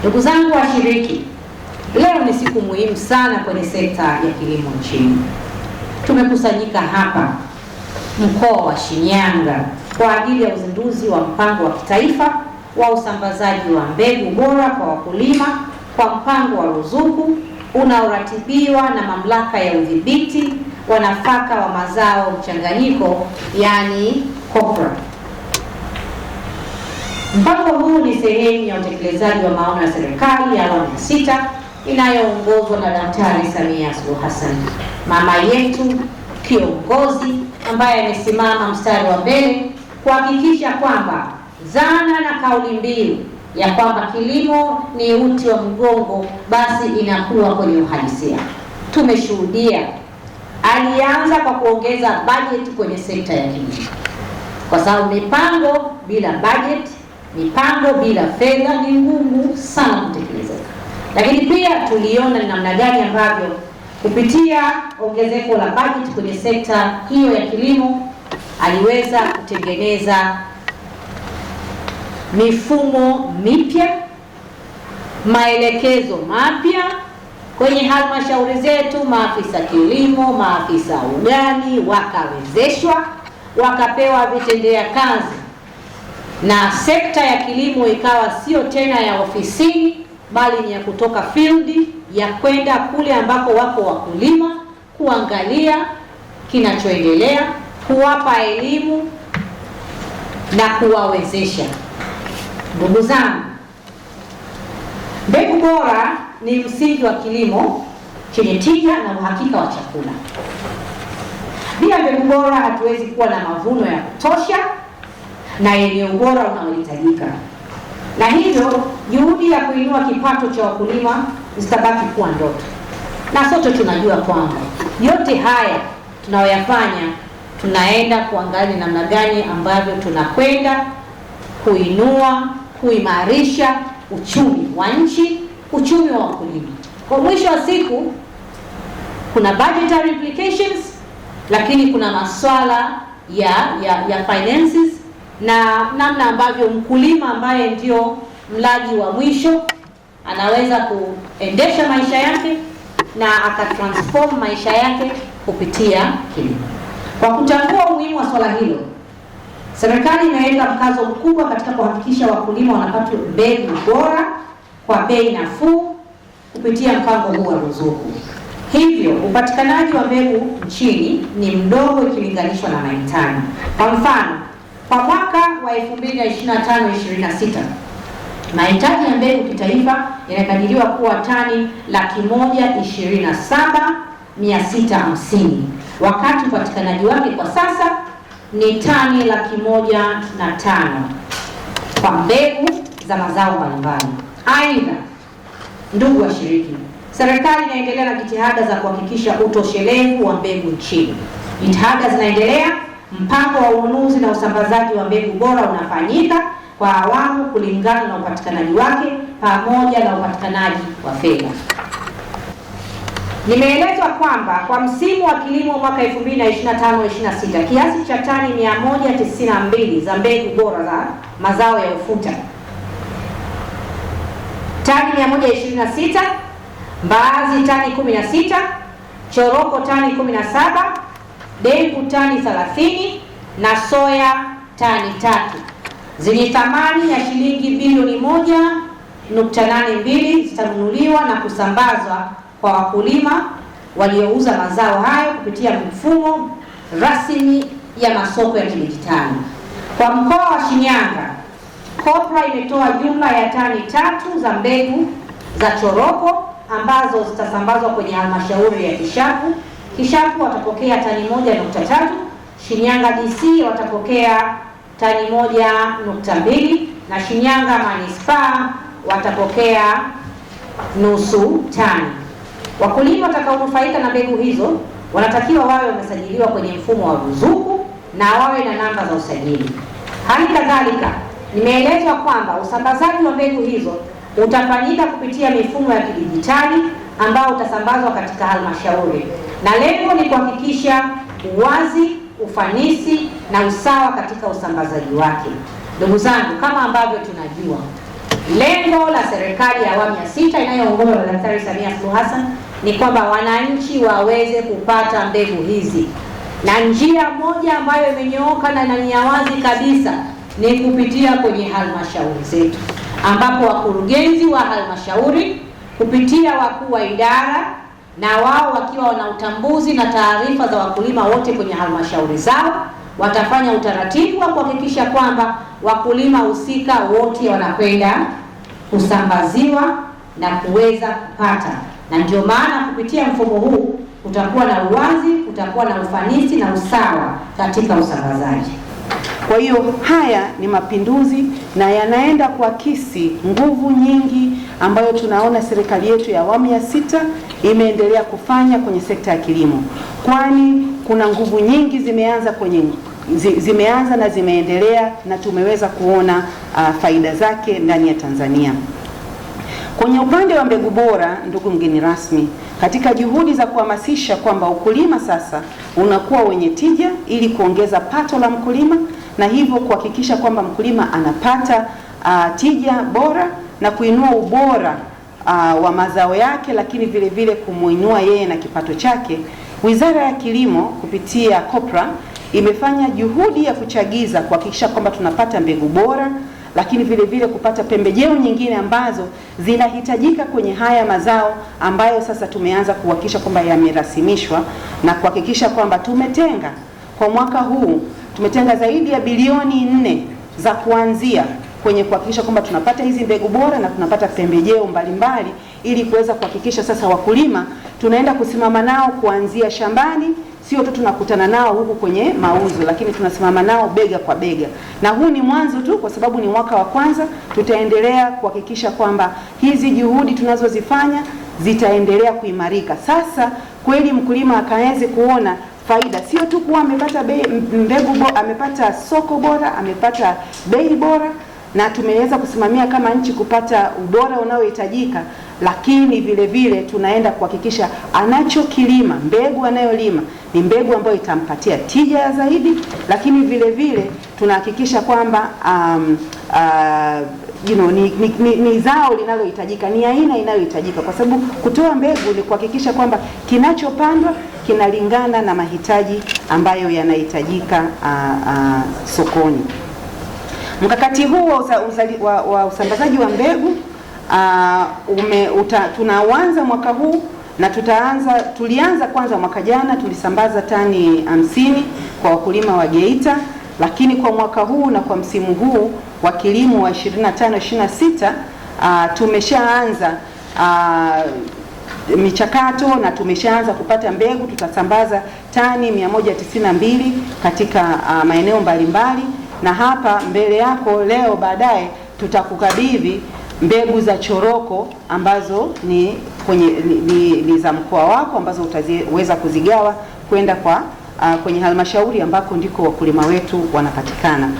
Ndugu zangu washiriki, leo ni siku muhimu sana kwenye sekta ya kilimo nchini. Tumekusanyika hapa mkoa wa Shinyanga kwa ajili ya uzinduzi wa mpango wa kitaifa wa usambazaji wa mbegu bora kwa wakulima kwa mpango wa ruzuku unaoratibiwa na Mamlaka ya Udhibiti wa Nafaka wa Mazao Mchanganyiko, yani COPRA. Mpango huu ni sehemu ya utekelezaji wa maono ya serikali ya awamu ya sita inayoongozwa na Daktari Samia Suluhu Hassan, mama yetu kiongozi, ambaye amesimama mstari wa mbele kuhakikisha kwamba dhana na kauli mbiu ya kwamba kilimo ni uti wa mgongo basi inakuwa kwenye uhalisia. Tumeshuhudia, alianza kwa kuongeza bajeti kwenye sekta ya kilimo, kwa sababu mipango bila bajeti Mipango bila fedha ni ngumu sana kutekelezeka, lakini pia tuliona ni namna gani ambavyo kupitia ongezeko la bajeti kwenye sekta hiyo ya kilimo aliweza kutengeneza mifumo mipya, maelekezo mapya kwenye halmashauri zetu. Maafisa kilimo, maafisa ugani wakawezeshwa, wakapewa vitendea kazi na sekta ya kilimo ikawa sio tena ya ofisini, bali ni ya kutoka field ya kwenda kule ambako wako wakulima, kuangalia kinachoendelea, kuwapa elimu na kuwawezesha. Ndugu zangu, mbegu bora ni msingi wa kilimo chenye tija na uhakika wa chakula. Bila mbegu bora hatuwezi kuwa na mavuno ya kutosha na eneo bora unaohitajika, na hivyo juhudi ya kuinua kipato cha wakulima zitabaki kuwa ndoto, na sote tunajua kwamba yote haya tunayoyafanya tunaenda kuangalia namna gani ambavyo tunakwenda kuinua kuimarisha uchumi wa nchi, uchumi wa wakulima. Kwa mwisho wa siku, kuna budgetary implications, lakini kuna masuala ya, ya, ya finances na namna ambavyo mkulima ambaye ndio mlaji wa mwisho anaweza kuendesha maisha yake na akatransform maisha yake kupitia kilimo. Kwa kutambua umuhimu wa swala hilo, serikali imeweka mkazo mkubwa katika kuhakikisha wakulima wanapata mbegu bora kwa bei nafuu kupitia mpango huu wa ruzuku. Hivyo upatikanaji wa mbegu nchini ni mdogo ikilinganishwa na mahitaji. Kwa mfano, kwa mwaka wa 2025 26 mahitaji ya mbegu kitaifa yanakadiriwa kuwa tani laki moja ishirini na saba mia sita hamsini wakati upatikanaji wake kwa sasa ni tani laki moja na tano kwa mbegu za mazao mbalimbali. Aidha, ndugu washiriki, serikali inaendelea na jitihada za kuhakikisha utoshelevu wa mbegu nchini. Jitihada zinaendelea Mpango wa ununuzi na usambazaji wa mbegu bora unafanyika kwa awamu kulingana na upatikanaji wake pamoja na upatikanaji wa fedha. Nimeelezwa kwamba kwa msimu wa kilimo mwaka 2025/26 kiasi cha tani 192 za mbegu bora za mazao ya ufuta, tani 126, mbaazi tani 16, choroko tani 17 dengu tani 30 na soya tani tatu zenye thamani ya shilingi bilioni moja nukta nane mbili zitanunuliwa na kusambazwa kwa wakulima waliouza mazao hayo kupitia mfumo rasmi ya masoko ya kidijitali. Kwa mkoa wa Shinyanga, COPRA imetoa jumla ya tani tatu za mbegu za choroko ambazo zitasambazwa kwenye halmashauri ya Kishapu Kishapu watapokea tani moja nukta tatu, Shinyanga DC watapokea tani moja nukta mbili na Shinyanga manispaa watapokea nusu tani. Wakulima watakaonufaika na mbegu hizo wanatakiwa wawe wamesajiliwa kwenye mfumo wa ruzuku na wawe na namba za usajili. Hali kadhalika, nimeelezwa kwamba usambazaji wa mbegu hizo utafanyika kupitia mifumo ya kidijitali ambao utasambazwa katika halmashauri, na lengo ni kuhakikisha uwazi, ufanisi na usawa katika usambazaji wake. Ndugu zangu, kama ambavyo tunajua lengo la serikali ya awamu ya sita inayoongozwa na Daktari Samia Suluhu Hassan ni kwamba wananchi waweze kupata mbegu hizi, na njia moja ambayo imenyooka na ni wazi kabisa ni kupitia kwenye halmashauri zetu, ambapo wakurugenzi wa halmashauri kupitia wakuu wa idara na wao wakiwa wana utambuzi na taarifa za wakulima wote kwenye halmashauri zao, watafanya utaratibu wa kuhakikisha kwamba wakulima husika wote wanakwenda kusambaziwa na kuweza kupata, na ndio maana kupitia mfumo huu kutakuwa na uwazi, kutakuwa na ufanisi na usawa katika usambazaji. Kwa hiyo haya ni mapinduzi na yanaenda kuakisi nguvu nyingi ambayo tunaona serikali yetu ya awamu ya sita imeendelea kufanya kwenye sekta ya kilimo, kwani kuna nguvu nyingi zimeanza kwenye zimeanza na zimeendelea na tumeweza kuona uh, faida zake ndani ya Tanzania. Kwenye upande wa mbegu bora, ndugu mgeni rasmi, katika juhudi za kuhamasisha kwamba ukulima sasa unakuwa wenye tija ili kuongeza pato la mkulima na hivyo kuhakikisha kwamba mkulima anapata uh, tija bora na kuinua ubora uh, wa mazao yake, lakini vile vile kumuinua yeye na kipato chake. Wizara ya Kilimo kupitia COPRA imefanya juhudi ya kuchagiza kuhakikisha kwamba tunapata mbegu bora, lakini vile vile kupata pembejeo nyingine ambazo zinahitajika kwenye haya mazao ambayo sasa tumeanza kuhakikisha kwamba yamerasimishwa na kuhakikisha kwamba tumetenga kwa mwaka huu Tumetenga zaidi ya bilioni nne za kuanzia kwenye kuhakikisha kwamba tunapata hizi mbegu bora na tunapata pembejeo mbalimbali ili kuweza kuhakikisha sasa wakulima tunaenda kusimama nao kuanzia shambani, sio tu tunakutana nao huku kwenye mauzo, lakini tunasimama nao bega kwa bega. Na huu ni mwanzo tu, kwa sababu ni mwaka wa kwanza. Tutaendelea kuhakikisha kwamba hizi juhudi tunazozifanya zitaendelea kuimarika. Sasa kweli mkulima akaweze kuona faida, sio tu kuwa amepata mbegu amepata soko bora, amepata bei bora na tumeweza kusimamia kama nchi kupata ubora unaohitajika, lakini vile vile tunaenda kuhakikisha anachokilima, mbegu anayolima ni mbegu ambayo itampatia tija zaidi, lakini vile vile tunahakikisha kwamba um, uh, you know, ni, ni, ni, ni zao linalohitajika, ni aina inayohitajika, kwa sababu kutoa mbegu ni kuhakikisha kwamba kinachopandwa kinalingana na mahitaji ambayo yanahitajika sokoni. Mkakati huu wa, wa, wa usambazaji wa mbegu Uh, ume, uta, tunauanza mwaka huu na tutaanza, tulianza kwanza mwaka jana tulisambaza tani hamsini kwa wakulima wa Geita lakini kwa mwaka huu na kwa msimu huu wa kilimo wa 25 26 uh, tumeshaanza uh, michakato na tumeshaanza kupata mbegu. Tutasambaza tani 192 katika uh, maeneo mbalimbali, na hapa mbele yako leo baadaye tutakukabidhi mbegu za choroko ambazo ni, kwenye, ni, ni, ni za mkoa wako ambazo utaweza kuzigawa kwenda kwa Uh, kwenye halmashauri ambako ndiko wakulima wetu wanapatikana.